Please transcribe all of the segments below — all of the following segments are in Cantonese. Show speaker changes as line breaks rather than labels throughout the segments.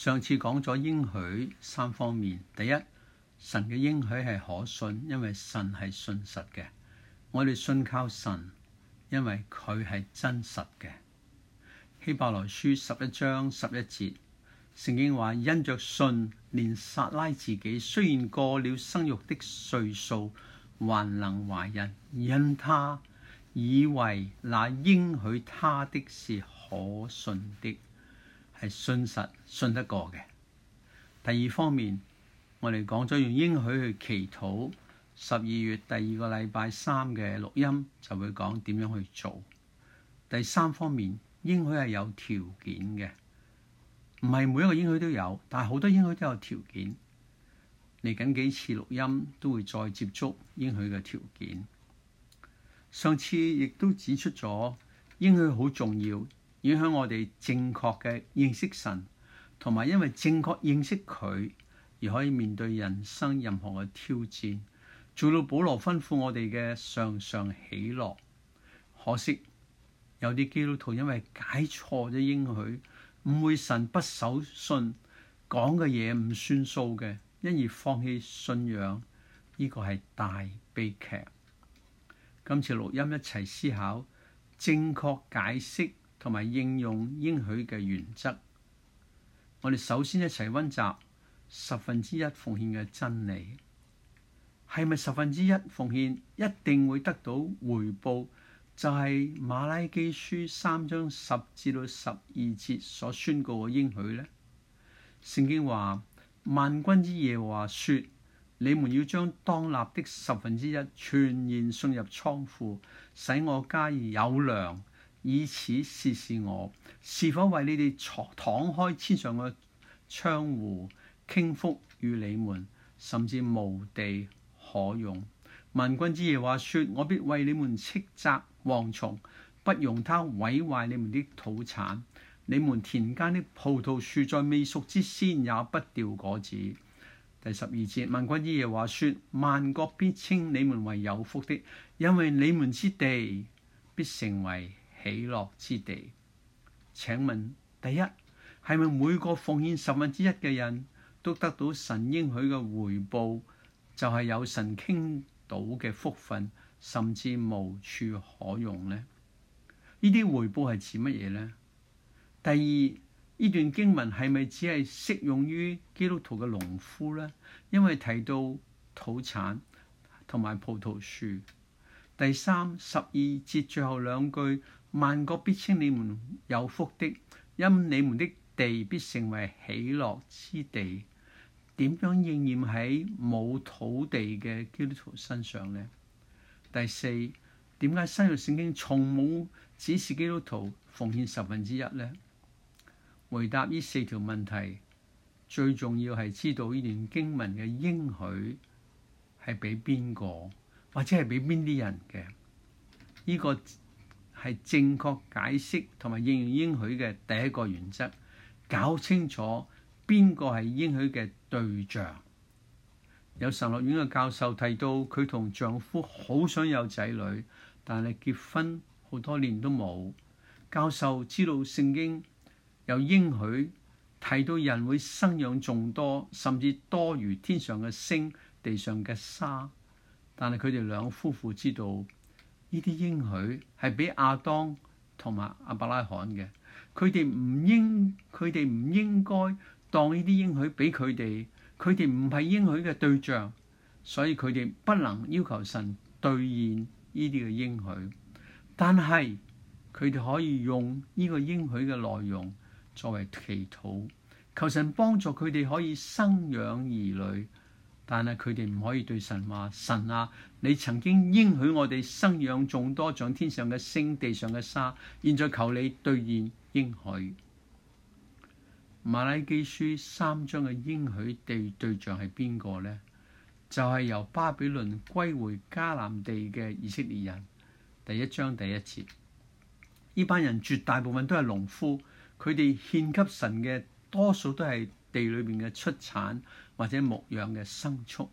上次講咗應許三方面，第一，神嘅應許係可信，因為神係信實嘅。我哋信靠神，因為佢係真實嘅。希伯來書十一章十一節，聖經話：因着信，連撒拉自己雖然過了生育的歲數，還能懷孕，因他以為那應許他的是可信的。係信實信得過嘅。第二方面，我哋講咗用應許去祈禱。十二月第二個禮拜三嘅錄音就會講點樣去做。第三方面，應許係有條件嘅，唔係每一個應許都有，但係好多應許都有條件。嚟緊幾次錄音都會再接觸應許嘅條件。上次亦都指出咗，應許好重要。影響我哋正確嘅認識神，同埋因為正確認識佢而可以面對人生任何嘅挑戰，做到保羅吩咐我哋嘅常常喜樂。可惜有啲基督徒因為解錯咗應許，誤會神不守信，講嘅嘢唔算數嘅，因而放棄信仰，呢個係大悲劇。今次錄音一齊思考正確解釋。同埋應用應許嘅原則，我哋首先一齊溫習十分之一奉獻嘅真理，係咪十分之一奉獻一定會得到回報？就係馬拉基書三章十至到十二節所宣告嘅應許呢。聖經話：萬軍之耶和華說，你們要將當納的十分之一全然送入倉庫，使我家有糧。以此試試我是否為你哋敞，敞開天上嘅窗戶，傾福與你們，甚至無地可用。萬軍之耶話說：我必為你們斥責蝗蟲，不容它毀壞你們的土產。你們田間的葡萄樹在未熟之先也不掉果子。第十二節，萬軍之耶話說：萬國必稱你們為有福的，因為你們之地必成為喜樂之地，請問第一，係咪每個奉獻十分之一嘅人都得到神應許嘅回報？就係、是、有神傾倒嘅福分，甚至無處可用呢？呢啲回報係指乜嘢呢？第二，呢段經文係咪只係適用於基督徒嘅農夫呢？因為提到土產同埋葡萄樹。第三，十二節最後兩句。萬國必稱你們有福的，因你們的地必成為喜樂之地。點樣應驗喺冇土地嘅基督徒身上呢？第四，點解新約聖經從冇指示基督徒奉獻十分之一呢？回答呢四條問題，最重要係知道呢段經文嘅應許係俾邊個，或者係俾邊啲人嘅呢、這個。係正確解釋同埋應用應許嘅第一個原則，搞清楚邊個係應許嘅對象。有神學院嘅教授提到，佢同丈夫好想有仔女，但係結婚好多年都冇。教授知道聖經有應許，提到人會生養眾多，甚至多如天上嘅星、地上嘅沙，但係佢哋兩夫婦知道。呢啲應許係俾亞當同埋阿伯拉罕嘅，佢哋唔應佢哋唔應該當呢啲應許俾佢哋，佢哋唔係應許嘅對象，所以佢哋不能要求神兌現呢啲嘅應許。但係佢哋可以用呢個應許嘅內容作為祈禱，求神幫助佢哋可以生養兒女，但係佢哋唔可以對神話神啊你曾經應許我哋生養眾多像天上嘅星、地上嘅沙，現在求你兌現應許。馬拉基書三章嘅應許地對象係邊個呢？就係由巴比倫歸回迦南地嘅以色列人。第一章第一節，呢班人絕大部分都係農夫，佢哋獻給神嘅多數都係地裏面嘅出產或者牧養嘅牲畜。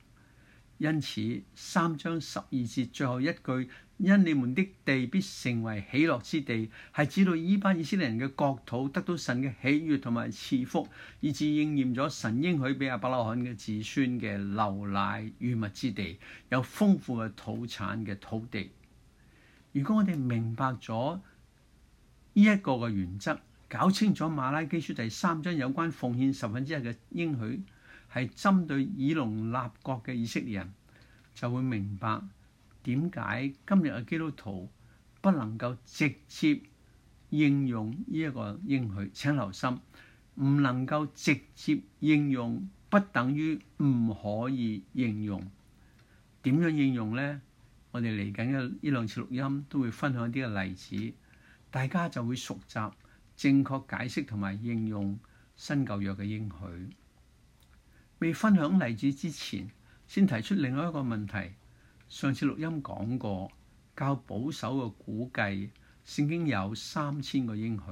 因此，三章十二節最後一句，因你們的地必成為喜樂之地，係指到呢班以色列人嘅國土得到神嘅喜悅同埋賜福，以致應驗咗神應許俾亞伯拉罕嘅子孫嘅流奶與蜜之地，有豐富嘅土產嘅土地。如果我哋明白咗呢一個嘅原則，搞清楚馬拉基書第三章有關奉獻十分之一嘅應許，係針對以農立國嘅以色列人，就會明白點解今日嘅基督徒不能夠直接應用呢一個應許。請留心，唔能夠直接應用，不等於唔可以應用。點樣應用呢？我哋嚟緊嘅呢兩次錄音都會分享一啲嘅例子，大家就會熟習正確解釋同埋應用新舊約嘅應許。你分享例子之前，先提出另外一個問題。上次錄音講過，較保守嘅估計，聖經有三千個應許，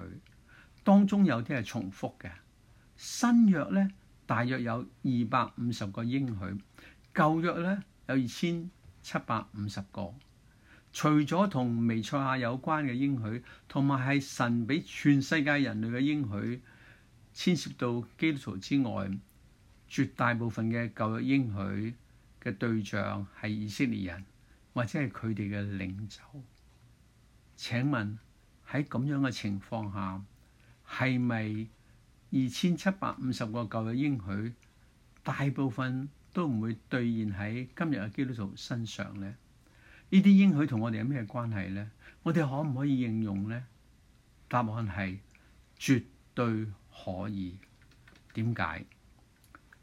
當中有啲係重複嘅。新約呢，大約有二百五十個應許；舊約呢，有二千七百五十個。除咗同彌賽亞有關嘅應許，同埋係神俾全世界人類嘅應許，牽涉到基督徒之外，絕大部分嘅舊約應許嘅對象係以色列人，或者係佢哋嘅領袖。請問喺咁樣嘅情況下，係咪二千七百五十個舊約應許大部分都唔會兌現喺今日嘅基督徒身上呢？呢啲應許同我哋有咩關係呢？我哋可唔可以應用呢？答案係絕對可以。點解？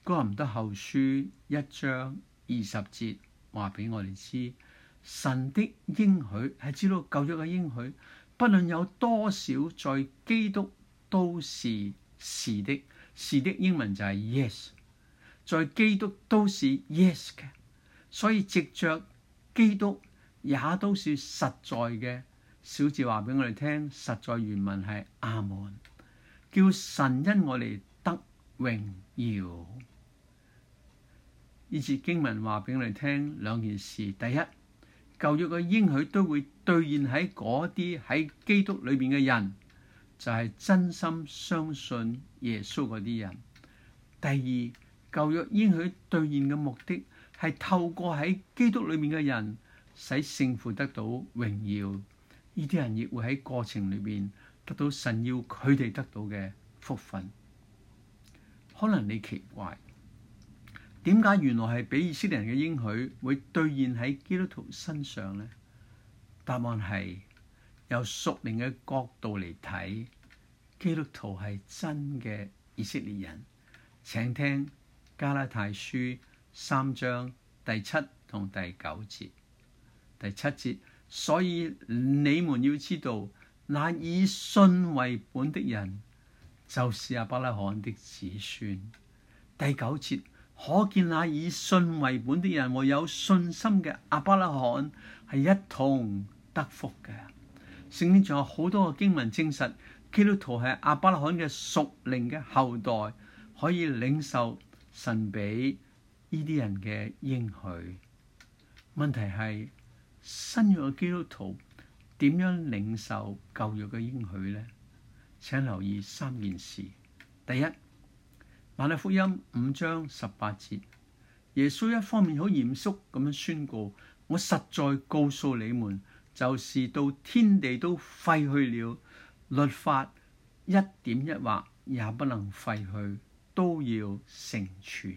哥林多後書一章二十節話俾我哋知，神的應許係知道救咗嘅應許，不論有多少在基督都是是的，是的英文就係 yes，在基督都是 yes 嘅，所以藉着基督也都是實在嘅。小字話俾我哋聽，實在原文係阿門，叫神因我哋得榮耀。以至經文話俾我哋聽兩件事：第一，舊約嘅應許都會兌現喺嗰啲喺基督裏面嘅人，就係、是、真心相信耶穌嗰啲人；第二，舊約應許兌現嘅目的係透過喺基督裏面嘅人，使聖父得到榮耀。呢啲人亦會喺過程裏邊得到神要佢哋得到嘅福分。可能你奇怪。點解原來係俾以色列人嘅應許會兌現喺基督徒身上呢？答案係由屬靈嘅角度嚟睇，基督徒係真嘅以色列人。請聽加拉太書三章第七同第九節。第七節，所以你們要知道，那以信為本的人，就是亞伯拉罕的子孫。第九節。可見，那以信為本的人和有信心嘅亞伯拉罕係一同得福嘅。聖經仲有好多嘅經文證實，基督徒係亞伯拉罕嘅屬靈嘅後代，可以領受神俾呢啲人嘅應許。問題係新約嘅基督徒點樣領受舊約嘅應許咧？請留意三件事。第一。馬太福音五章十八節，耶穌一方面好嚴肅咁樣宣告：我實在告訴你們，就是到天地都廢去了，律法一點一劃也不能廢去，都要成全。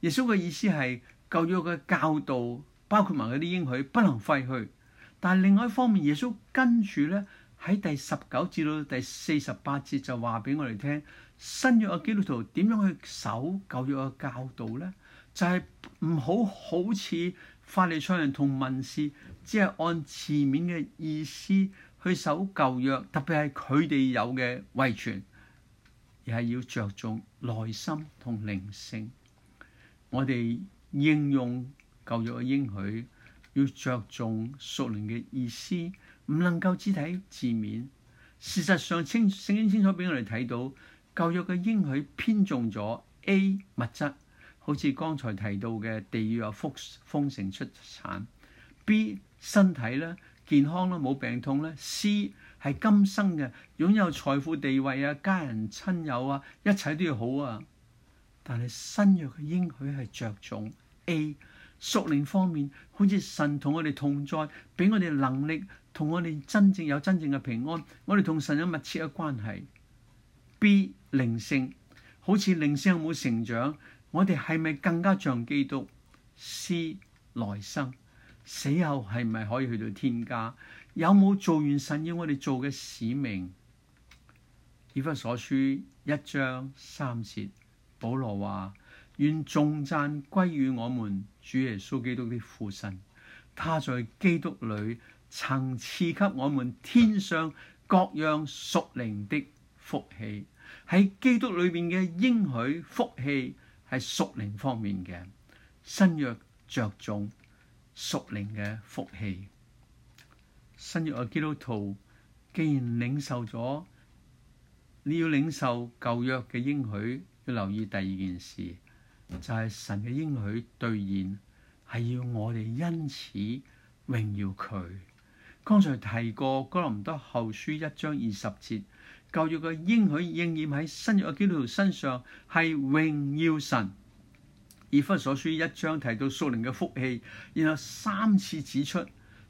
耶穌嘅意思係，舊約嘅教導包括埋嗰啲應許不能廢去。但另外一方面，耶穌跟住咧喺第十九至到第四十八節就話俾我哋聽。新約嘅基督徒點樣去守舊約嘅教導咧？就係唔好好似法利賽人同文士，只係按字面嘅意思去守舊約，特別係佢哋有嘅遺傳，而係要着重內心同靈性。我哋應用舊約嘅應許，要着重屬靈嘅意思，唔能夠只睇字面。事實上，清聖經清楚俾我哋睇到。舊約嘅應許偏重咗 A 物質，好似剛才提到嘅地要有福，豐盛出產；B 身體咧，健康啦，冇病痛咧；C 係今生嘅擁有，財富地位啊，家人親友啊，一切都要好啊。但係新約嘅應許係着重 A 屬靈方面，好似神同我哋同在，俾我哋能力，同我哋真正有真正嘅平安，我哋同神有密切嘅關係。B 靈性，好似靈性有冇成長？我哋係咪更加像基督？C 來生死後係咪可以去到天家？有冇做完神要我哋做嘅使命？以弗所書一章三節，保羅話：願眾讚歸於我們主耶穌基督的父神，他在基督裏曾賜給我們天上各樣屬靈的福氣。喺基督裏邊嘅應許福氣係屬靈方面嘅，新約着重屬靈嘅福氣。新約嘅基督徒既然領受咗，你要領受舊約嘅應許，要留意第二件事，就係、是、神嘅應許兌現，係要我哋因此榮耀佢。剛才提過《哥林多後書》一章二十節。教育嘅應許應驗喺新約嘅基督徒身上，係榮耀神。《以弗所書》一章提到所領嘅福氣，然後三次指出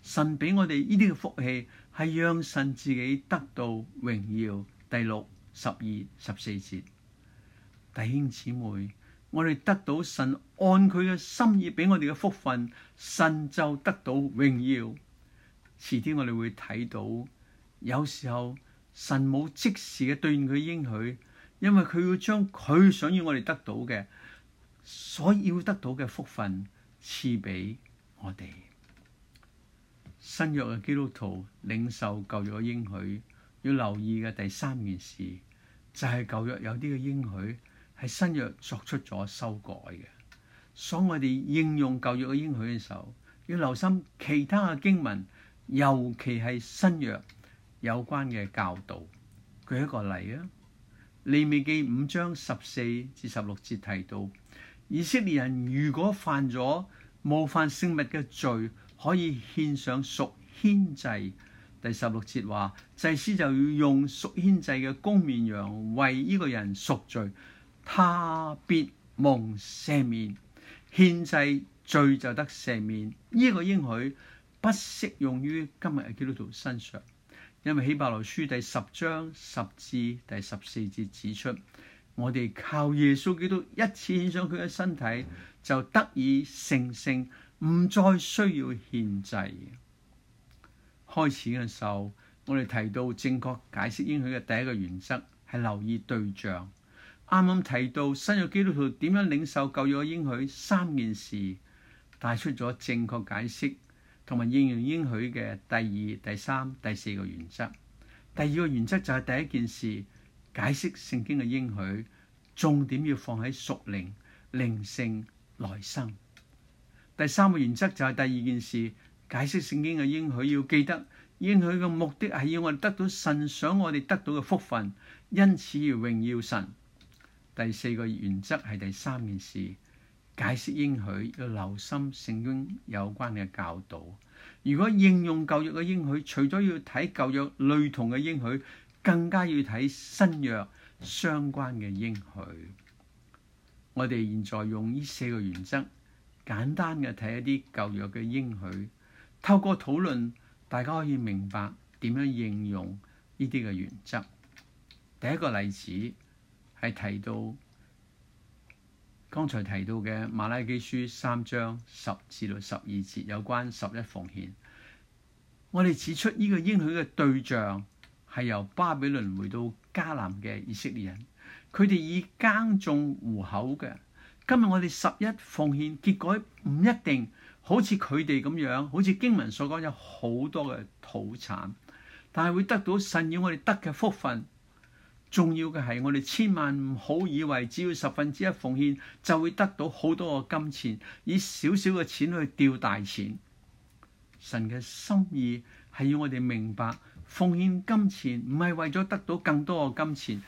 神俾我哋呢啲嘅福氣係讓神自己得到榮耀。第六、十二、十四節，弟兄姊妹，我哋得到神按佢嘅心意俾我哋嘅福分，神就得到榮耀。遲啲我哋會睇到，有時候。神冇即時嘅對應佢應許，因為佢要將佢想要我哋得到嘅，所以要得到嘅福分賜俾我哋。新約嘅基督徒領受舊約嘅應許，要留意嘅第三件事就係、是、舊約有啲嘅應許係新約作出咗修改嘅，所以我哋應用舊約嘅應許嘅時候，要留心其他嘅經文，尤其係新約。有關嘅教導，舉一個例啊，《利未記》五章十四至十六節提到，以色列人如果犯咗冒犯聖物嘅罪，可以獻上贖愆祭。第十六節話，祭司就要用贖愆祭嘅公綿羊為呢個人贖罪，他必蒙赦免。獻祭罪就得赦免。呢、這個應許不適用於今日嘅基督徒身上。因為《希伯來書》第十章十至第十四節指出，我哋靠耶穌基督一次獻上佢嘅身體，就得以成聖，唔再需要獻祭。開始嘅時候，我哋提到正確解釋應許嘅第一個原則係留意對象。啱啱提到新約基督徒點樣領受舊約應許三件事，帶出咗正確解釋。同埋應用應許嘅第二、第三、第四個原則。第二個原則就係第一件事，解釋聖經嘅應許，重點要放喺屬靈、靈性、來生。第三個原則就係第二件事，解釋聖經嘅應許，要記得應許嘅目的係要我哋得到神想我哋得到嘅福分，因此而榮耀神。第四個原則係第三件事。解釋應許要留心聖經有關嘅教導。如果應用舊約嘅應許，除咗要睇舊約類同嘅應許，更加要睇新約相關嘅應許。我哋現在用呢四個原則，簡單嘅睇一啲舊約嘅應許，透過討論，大家可以明白點樣應用呢啲嘅原則。第一個例子係提到。剛才提到嘅《馬拉基書》三章十至到十二節有關十一奉獻，我哋指出呢個應許嘅對象係由巴比倫回到迦南嘅以色列人，佢哋以耕種糊口嘅。今日我哋十一奉獻結果唔一定，好似佢哋咁樣，好似經文所講有好多嘅土產，但係會得到神要我哋得嘅福分。重要嘅係，我哋千萬唔好以為只要十分之一奉獻就會得到好多個金錢，以少少嘅錢去釣大錢。神嘅心意係要我哋明白，奉獻金錢唔係為咗得到更多嘅金錢，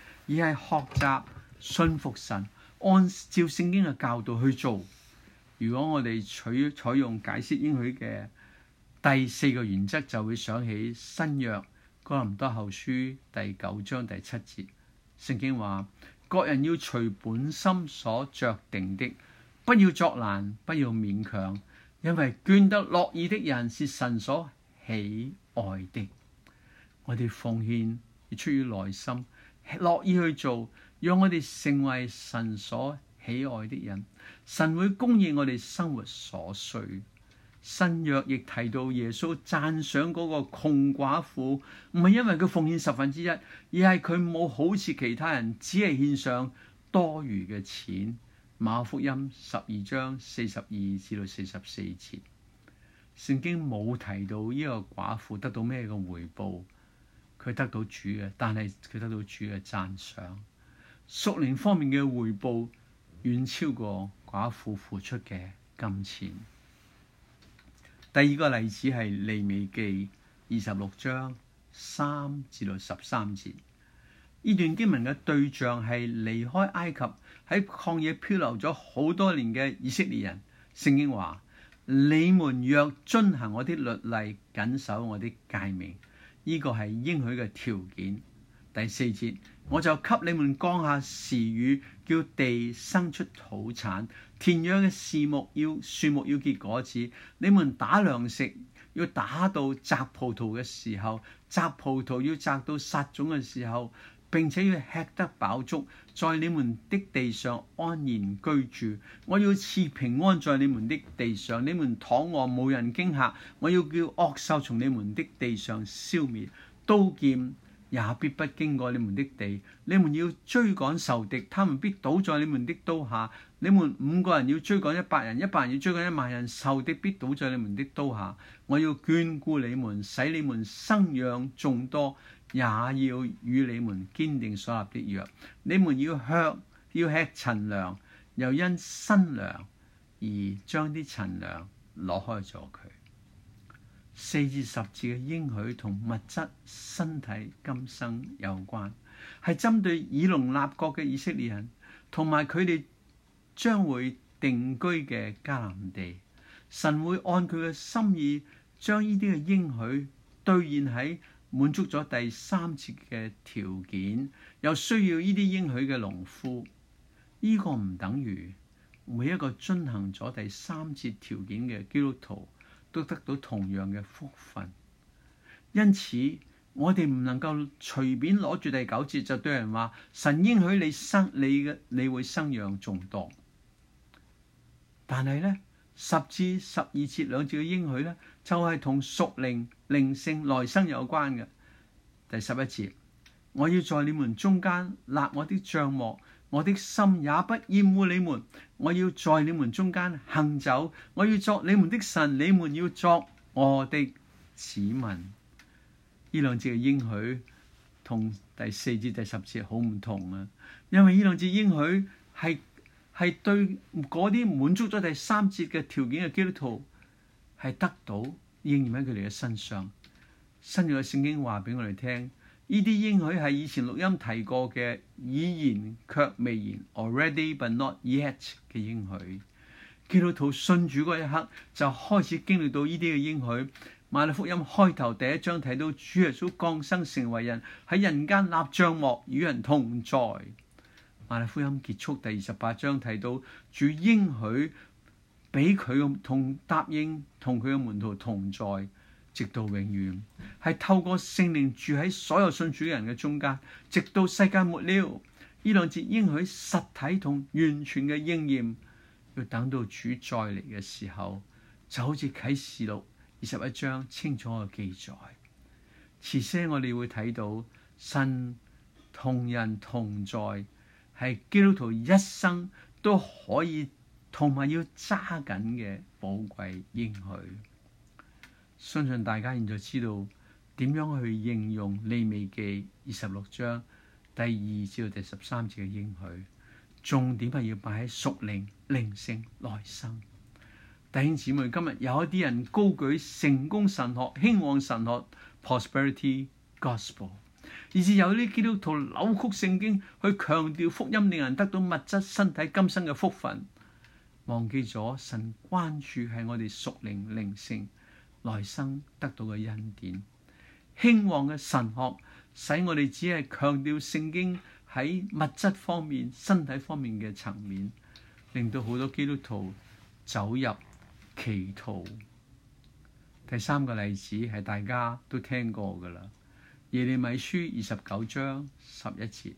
而係學習信服神，按照聖經嘅教導去做。如果我哋取採用解釋應許嘅第四個原則，就會想起新約。哥林多後書第九章第七節，聖經話：各人要隨本心所酌定的，不要作難，不要勉強，因為捐得樂意的人是神所喜愛的。我哋奉獻要出於內心，樂意去做，讓我哋成為神所喜愛的人，神會供應我哋生活所需。新約亦提到耶穌讚賞嗰個窮寡婦，唔係因為佢奉獻十分之一，而係佢冇好似其他人，只係獻上多餘嘅錢。馬福音十二章四十二至到四十四節，聖經冇提到呢個寡婦得到咩嘅回報，佢得到主嘅，但係佢得到主嘅讚賞。屬靈方面嘅回報遠超過寡婦付出嘅金錢。第二個例子係利未記二十六章三至到十三節，呢段經文嘅對象係離開埃及喺曠野漂流咗好多年嘅以色列人。聖經話：你們若遵行我啲律例，謹守我啲誡命，呢個係應許嘅條件。第四節。我就給你們降下時雨，叫地生出土產，田養嘅樹木要樹木要結果子。你們打糧食要打到摘葡萄嘅時候，摘葡萄要摘到撒種嘅時候，並且要吃得飽足，在你們的地上安然居住。我要賜平安在你們的地上，你們躺臥冇人驚嚇。我要叫惡獸從你們的地上消滅，刀劍。也必不經過你們的地，你們要追趕仇敵，他們必倒在你們的刀下。你們五個人要追趕一百人，一百人要追趕一萬人，仇敵必倒在你們的刀下。我要眷顧你們，使你們生養眾多，也要與你們堅定所立的約。你們要吃，要吃陳糧，又因新糧而將啲陳糧攞開咗佢。四至十節嘅應許同物質身體今生有關，係針對以農立國嘅以色列人，同埋佢哋將會定居嘅迦南地。神會按佢嘅心意將呢啲嘅應許兌現喺滿足咗第三節嘅條件，又需要呢啲應許嘅農夫。呢、這個唔等於每一個遵行咗第三節條件嘅基督徒。都得到同樣嘅福分，因此我哋唔能夠隨便攞住第九節就對人話，神應許你生你嘅，你會生養眾多。但係呢，十至十二節兩節嘅應許呢，就係同屬靈靈性來生有關嘅。第十一節，我要在你們中間立我啲帳幕。我的心也不厭惡你們，我要在你們中間行走，我要作你們的神，你們要作我的子民。呢兩節嘅應許同第四節第十節好唔同啊！因為呢兩節應許係係對嗰啲滿足咗第三節嘅條件嘅基督徒係得到應驗喺佢哋嘅身上。新約聖經話俾我哋聽。呢啲應許係以前錄音提過嘅，已然卻未然，already but not yet 嘅應許。基督徒信主嗰一刻就開始經歷到呢啲嘅應許。馬利福音開頭第一章睇到主耶穌降生成為人，喺人間立帳幕與人同在。馬利福音結束第二十八章睇到主應許俾佢同答應同佢嘅門徒同在。直到永遠，係透過聖靈住喺所有信主嘅人嘅中間，直到世界末了，呢兩節應許實體同完全嘅應驗，要等到主再嚟嘅時候，就好似啟示錄二十一章清楚嘅記載。遲些我哋會睇到，神同人同在，係基督徒一生都可以同埋要揸緊嘅寶貴應許。相信大家現在知道點樣去應用《利未記二十六章第二至到第十三節嘅應許，重點係要擺喺屬靈靈性內心，弟兄姊妹。今日有一啲人高舉成功神學興旺神學 p r o s p e r i t y Gospel），而至有啲基督徒扭曲聖經去強調福音令人得到物質身體今生嘅福分，忘記咗神關注係我哋屬靈靈性。來生得到嘅恩典，興旺嘅神學，使我哋只係強調聖經喺物質方面，身體方面嘅層面，令到好多基督徒走入歧途。第三個例子係大家都聽過㗎喇，《耶利米書》二十九章十一節，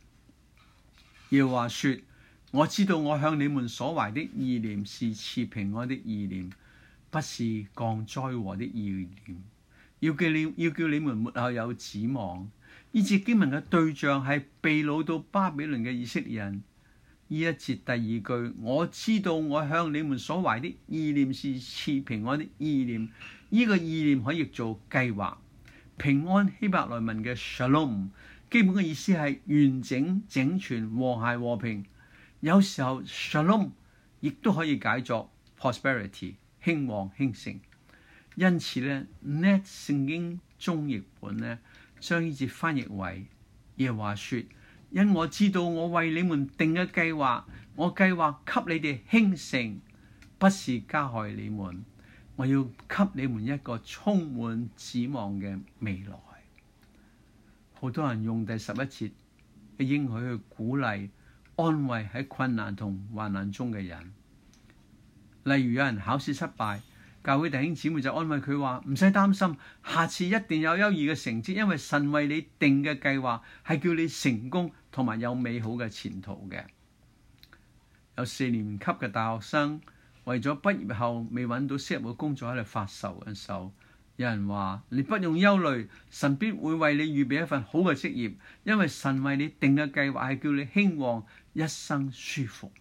要話說：我知道我向你們所懷的意念是賜平安的意念。不是降災禍的意念，要叫你要叫你們末後有指望。呢節經文嘅對象係被擄到巴比倫嘅以色列人。呢一節第二句，我知道我向你們所懷的意念是賜平安的意念。呢、這個意念可以做計劃平安，希伯來文嘅 shalom，基本嘅意思係完整、整全、和諧、和平。有時候 shalom 亦都可以解作 prosperity。興旺興盛，因此，呢 NET 聖經中譯本呢將呢節翻譯為耶話說：因我知道我為你們定嘅計劃，我計劃給你哋興盛，不是加害你們。我要給你們一個充滿指望嘅未來。好多人用第十一節去應許去鼓勵安慰喺困難同患難中嘅人。例如有人考試失敗，教會弟兄姊妹就安慰佢話：唔使擔心，下次一定有優異嘅成績，因為神為你定嘅計劃係叫你成功同埋有美好嘅前途嘅。有四年級嘅大學生為咗畢業後未揾到適合嘅工作喺度發愁嘅時候，有人話：你不用憂慮，神必會為你預備一份好嘅職業，因為神為你定嘅計劃係叫你興旺一生舒服。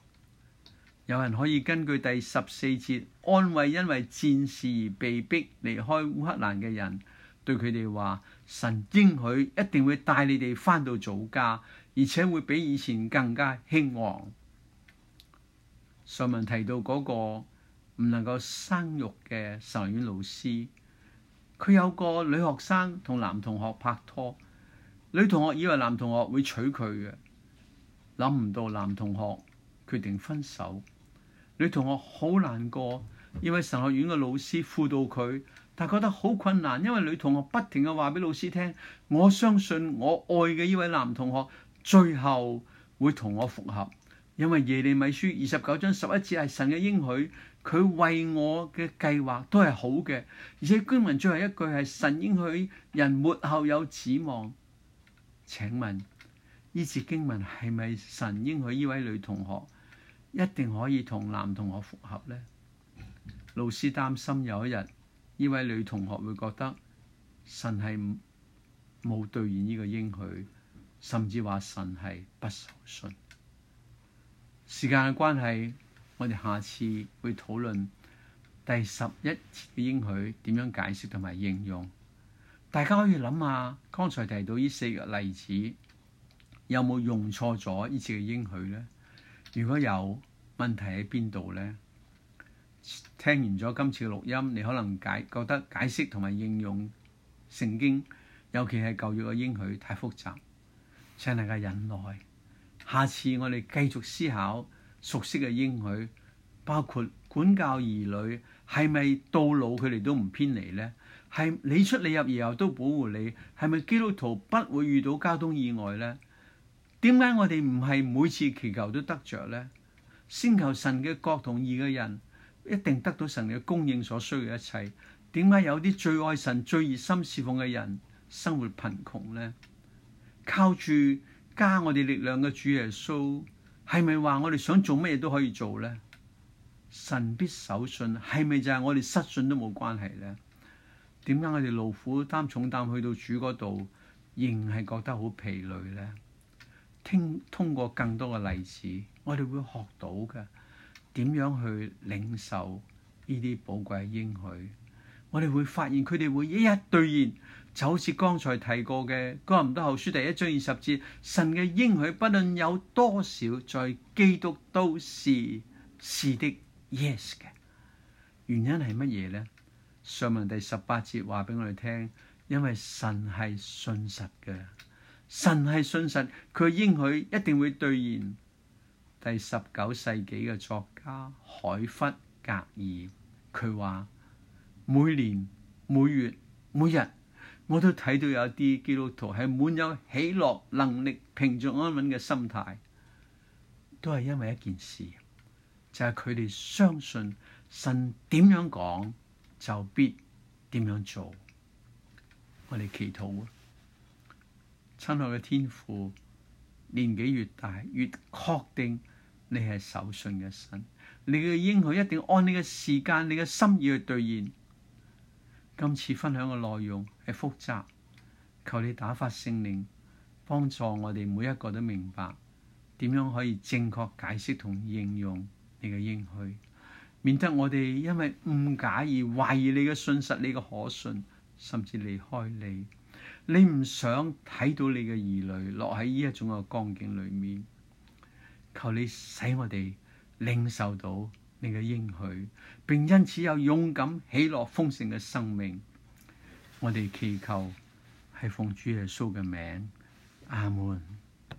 有人可以根據第十四節安慰因為戰事而被逼離開烏克蘭嘅人，對佢哋話：神應許一定會帶你哋翻到祖家，而且會比以前更加興旺。上文提到嗰個唔能夠生育嘅神院老師，佢有個女學生同男同學拍拖，女同學以為男同學會娶佢嘅，諗唔到男同學決定分手。女同學好難過，呢位神學院嘅老師輔導佢，但係覺得好困難，因為女同學不停嘅話俾老師聽，我相信我愛嘅呢位男同學最後會同我複合，因為耶利米書二十九章十一節係神嘅應許，佢為我嘅計劃都係好嘅，而且經文最後一句係神應許人末後有指望。請問呢節經文係咪神應許呢位女同學？一定可以同男同學複合呢。老師擔心有一日，呢位女同學會覺得神係冇兌現呢個應許，甚至話神係不守信。時間嘅關係，我哋下次會討論第十一次嘅應許點樣解釋同埋應用。大家可以諗下，剛才提到呢四個例子，有冇用錯咗呢次嘅應許呢？如果有問題喺邊度呢？聽完咗今次嘅錄音，你可能解覺得解釋同埋應用聖經，尤其係舊約嘅應許太複雜，請大家忍耐。下次我哋繼續思考熟悉嘅應許，包括管教兒女，係咪到老佢哋都唔偏離呢？係你出你入，以後都保護你，係咪基督徒不會遇到交通意外呢？點解我哋唔係每次祈求都得着呢？先求神嘅國同義嘅人一定得到神嘅供應所需嘅一切。點解有啲最愛神、最熱心侍奉嘅人生活貧窮呢？靠住加我哋力量嘅主耶穌，係咪話我哋想做乜嘢都可以做呢？神必守信，係咪就係我哋失信都冇關係呢？點解我哋勞苦擔重擔去到主嗰度，仍係覺得好疲累呢？聽通過更多嘅例子，我哋會學到嘅點樣去領受呢啲寶貴嘅應許。我哋會發現佢哋會一一兌現，就好似剛才提過嘅《哥林多後書》第一章二十節，神嘅應許不論有多少，在基督都是是的 yes 嘅。原因係乜嘢呢？上文第十八節話俾我哋聽，因為神係信實嘅。神係信實，佢嘅應許一定會兌現。第十九世紀嘅作家海弗格爾，佢話：每年、每月、每日，我都睇到有啲基督徒係滿有喜樂能力，平著安穩嘅心態，都係因為一件事，就係佢哋相信神點樣講就必點樣做。我哋祈禱。親愛嘅天父，年紀越大越確定你係守信嘅神，你嘅應許一定按你嘅時間、你嘅心意去兌現。今次分享嘅內容係複雜，求你打發聖靈幫助我哋每一個都明白點樣可以正確解釋同應用你嘅應許，免得我哋因為誤解而懷疑你嘅信實、你嘅可信，甚至離開你。你唔想睇到你嘅兒女落喺呢一種嘅光景裏面，求你使我哋領受到你嘅應許，並因此有勇敢喜樂豐盛嘅生命。我哋祈求係奉主耶穌嘅名，阿門。